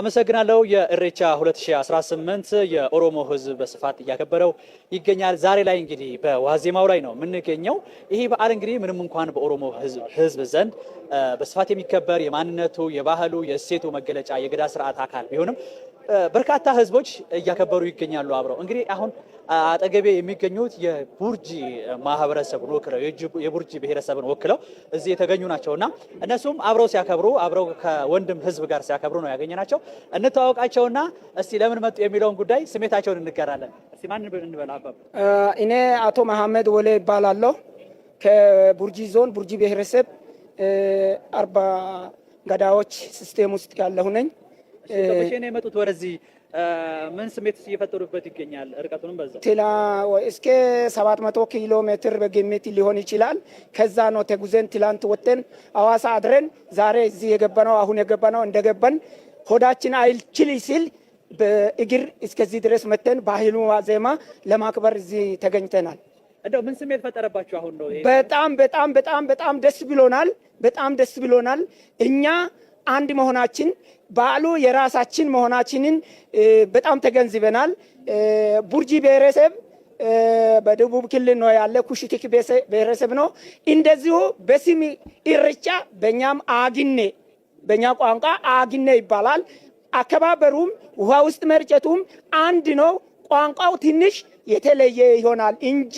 አመሰግናለሁ። የእሬቻ 2018 የኦሮሞ ህዝብ በስፋት እያከበረው ይገኛል። ዛሬ ላይ እንግዲህ በዋዜማው ላይ ነው የምንገኘው። ይሄ በዓል እንግዲህ ምንም እንኳን በኦሮሞ ህዝብ ዘንድ በስፋት የሚከበር የማንነቱ፣ የባህሉ፣ የእሴቱ መገለጫ የገዳ ስርዓት አካል ቢሆንም በርካታ ህዝቦች እያከበሩ ይገኛሉ አብረው እንግዲህ አሁን አጠገቤ የሚገኙት የቡርጂ ማህበረሰብን ወክለው የቡርጂ ብሔረሰብን ወክለው እዚህ የተገኙ ናቸው እና እነሱም አብረው ሲያከብሩ አብረው ከወንድም ህዝብ ጋር ሲያከብሩ ነው ያገኘናቸው። እንተዋወቃቸውና እስቲ ለምን መጡ የሚለውን ጉዳይ ስሜታቸውን እንገራለን። እስቲ ማን እንበላ? እኔ አቶ መሐመድ ወሌ ይባላለሁ። ከቡርጂ ዞን ቡርጂ ብሔረሰብ አርባ ገዳዎች ሲስቴም ውስጥ ያለሁ ነኝ። የመጡት ወደዚህ ምን ስሜት እየፈጠሩበት ይገኛል? ርቀቱንም በዛ ቴላ እስከ 700 ኪሎ ሜትር በግምት ሊሆን ይችላል። ከዛ ነው ተጉዘን ትላንት ወጥተን አዋሳ አድረን ዛሬ እዚህ የገባነው። አሁን የገባነው እንደገባን ሆዳችን ችል ሲል በእግር እስከዚህ ድረስ መተን ባህሉ ዜማ ለማክበር እዚህ ተገኝተናል። እንደው ምን ስሜት ፈጠረባችሁ? አሁን ነው በጣም በጣም በጣም በጣም ደስ ብሎናል። በጣም ደስ ብሎናል። እኛ አንድ መሆናችን በዓሉ የራሳችን መሆናችንን በጣም ተገንዝበናል። ቡርጂ ብሔረሰብ በደቡብ ክልል ነው ያለ፣ ኩሽቲክ ብሔረሰብ ነው። እንደዚሁ በስም እርጫ በእኛም አግኔ በእኛ ቋንቋ አግኔ ይባላል። አከባበሩም ውሃ ውስጥ መርጨቱም አንድ ነው። ቋንቋው ትንሽ የተለየ ይሆናል እንጂ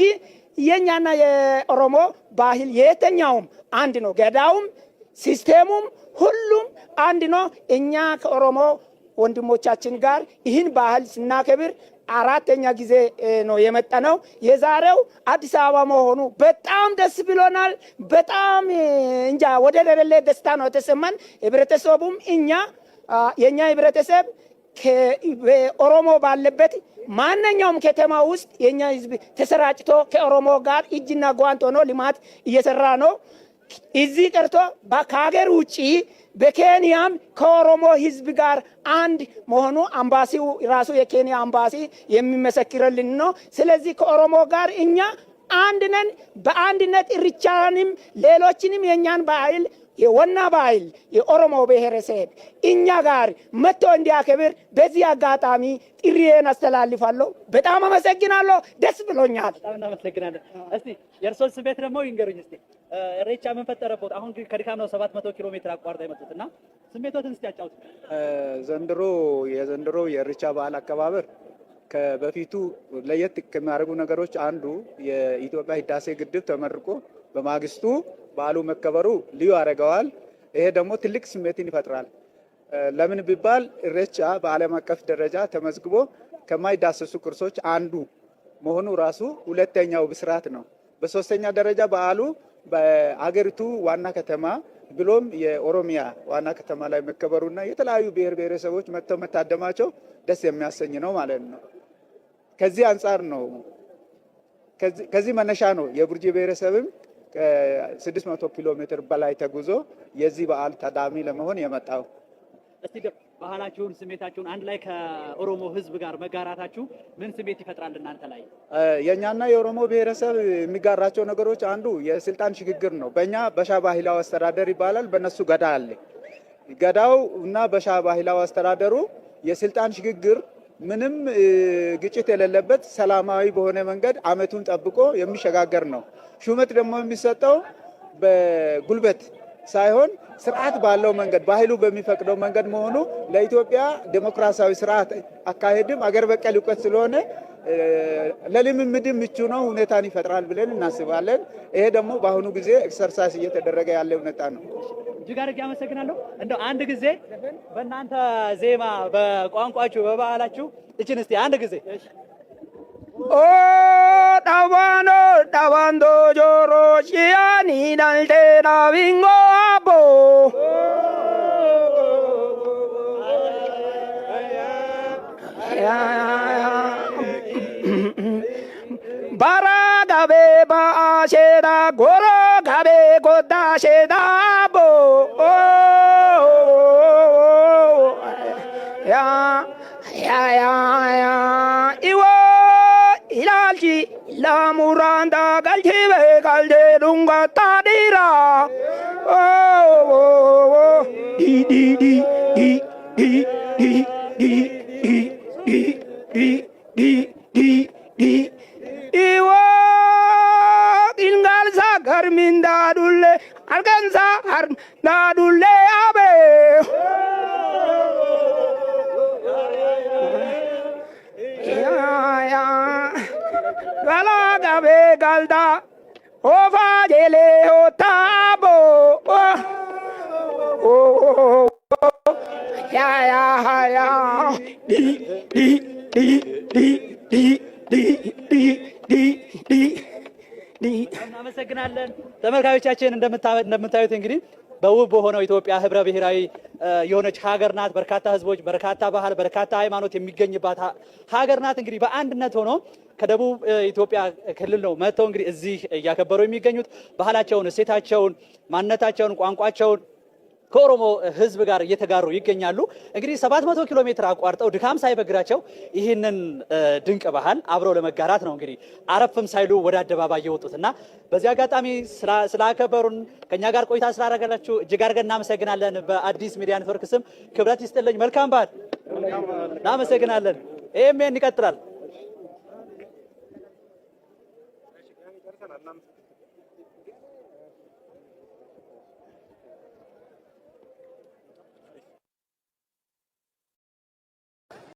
የእኛና የኦሮሞ ባህል የተኛውም አንድ ነው። ገዳውም ሲስቴሙም ሁሉም አንድ ነው። እኛ ከኦሮሞ ወንድሞቻችን ጋር ይህን ባህል ስናከብር አራተኛ ጊዜ ነው የመጣ ነው። የዛሬው አዲስ አበባ መሆኑ በጣም ደስ ብሎናል። በጣም እንጃ ወደ ለለለ ደስታ ነው የተሰማን። ህብረተሰቡም እኛ የእኛ ህብረተሰብ ኦሮሞ ባለበት ማንኛውም ከተማ ውስጥ የእኛ ህዝብ ተሰራጭቶ ከኦሮሞ ጋር እጅና ጓንት ሆኖ ልማት እየሰራ ነው። እዚህ ቀርቶ ከሀገር ውጭ በኬንያም ከኦሮሞ ህዝብ ጋር አንድ መሆኑ አምባሲው ራሱ የኬንያ አምባሲ የሚመሰክርልን ነው። ስለዚህ ከኦሮሞ ጋር እኛ አንድ ነን። በአንድነት እርቻንም ሌሎችንም የእኛን ባህል የወና ባህል የኦሮሞ ብሔረሰብ እኛ ጋር መጥቶ እንዲያከብር በዚህ አጋጣሚ ጥሪዬን አስተላልፋለሁ። በጣም አመሰግናለሁ። ደስ ብሎኛል። በጣም እናመሰግናለን። እስቲ የእርሶን ስሜት ደግሞ ይንገሩኝ እስቲ። ሬቻ ምን ፈጠረቦት? አሁን ከድካም ነው ሰባት መቶ ኪሎ ሜትር አቋርጠ የመጡት እና ስሜቶትን እስቲ ያጫውት። ዘንድሮ የዘንድሮ የኢሬቻ በዓል አከባበር ከበፊቱ ለየት ከሚያደርጉ ነገሮች አንዱ የኢትዮጵያ ህዳሴ ግድብ ተመርቆ በማግስቱ በዓሉ መከበሩ ልዩ ያደርገዋል። ይሄ ደግሞ ትልቅ ስሜትን ይፈጥራል። ለምን ቢባል ኢሬቻ በዓለም አቀፍ ደረጃ ተመዝግቦ ከማይዳሰሱ ቅርሶች አንዱ መሆኑ ራሱ ሁለተኛው ብስራት ነው። በሶስተኛ ደረጃ በዓሉ በአገሪቱ ዋና ከተማ ብሎም የኦሮሚያ ዋና ከተማ ላይ መከበሩና የተለያዩ ብሔር ብሔረሰቦች መጥተው መታደማቸው ደስ የሚያሰኝ ነው ማለት ነው። ከዚህ አንጻር ነው ከዚህ መነሻ ነው የቡርጂ ብሔረሰብም ከ600 ኪሎ ሜትር በላይ ተጉዞ የዚህ በዓል ተዳሚ ለመሆን የመጣው። እስቲ ባህላችሁን፣ ስሜታችሁን አንድ ላይ ከኦሮሞ ህዝብ ጋር መጋራታችሁ ምን ስሜት ይፈጥራል እናንተ ላይ? የእኛና የኦሮሞ ብሔረሰብ የሚጋራቸው ነገሮች አንዱ የስልጣን ሽግግር ነው። በእኛ በሻ ባህላዊ አስተዳደር ይባላል፣ በእነሱ ገዳ አለ። ገዳው እና በሻ ባህላዊ አስተዳደሩ የስልጣን ሽግግር ምንም ግጭት የሌለበት ሰላማዊ በሆነ መንገድ አመቱን ጠብቆ የሚሸጋገር ነው። ሹመት ደግሞ የሚሰጠው በጉልበት ሳይሆን ስርዓት ባለው መንገድ ባህሉ በሚፈቅደው መንገድ መሆኑ ለኢትዮጵያ ዴሞክራሲያዊ ስርዓት አካሄድም አገር በቀል እውቀት ስለሆነ ለልምምድም ምቹ ነው፣ ሁኔታን ይፈጥራል ብለን እናስባለን። ይሄ ደግሞ በአሁኑ ጊዜ ኤክሰርሳይዝ እየተደረገ ያለ ሁኔታ ነው። እጅግ አድርጌ አመሰግናለሁ። እንደው አንድ ጊዜ በእናንተ ዜማ፣ በቋንቋችሁ፣ በባህላችሁ እችን እስቲ አንድ ጊዜ tawano tawando joro shiani dal te na wingo abo bara gabe ba sheda goro gabe goda sheda 집에 갈때 눈과 딸이라 오오오 디디디 디디디디디디디디 이와 인간사 가르민 나둘레 알간사 가르 나둘레 아베 야야 라라 ਜਾਵੇ ਗੱਲ ਦਾ ਓ ਵਾਜੇਲੇ ਓ ਤਾਬੋ ਓ ਓ ਯਾ ਯਾ ਯਾ ਡੀ ਡੀ ਡੀ ਡੀ ਡੀ ਡੀ ਡੀ ਡੀ እናመሰግናለን። ተመልካዮቻችን እንደምታዩት እንግዲህ በውብ በሆነው ኢትዮጵያ ህብረ ብሔራዊ የሆነች ሀገር ናት። በርካታ ህዝቦች፣ በርካታ ባህል፣ በርካታ ሃይማኖት የሚገኝባት ሀገር ናት። እንግዲህ በአንድነት ሆኖ ከደቡብ ኢትዮጵያ ክልል ነው መጥተው እንግዲህ እዚህ እያከበሩ የሚገኙት ባህላቸውን፣ እሴታቸውን፣ ማንነታቸውን፣ ቋንቋቸውን ከኦሮሞ ህዝብ ጋር እየተጋሩ ይገኛሉ። እንግዲህ 700 ኪሎ ሜትር አቋርጠው ድካም ሳይበግራቸው ይህንን ድንቅ ባህል አብረው ለመጋራት ነው እንግዲህ አረፍም ሳይሉ ወደ አደባባይ የወጡት እና በዚህ አጋጣሚ ስላከበሩን ከኛ ጋር ቆይታ ስላደረጋችሁ እጅግ አድርገን እናመሰግናለን። በአዲስ ሚዲያ ኔትወርክ ስም ክብረት ይስጥልኝ። መልካም በዓል። እናመሰግናለን። ኤሜን ይቀጥላል።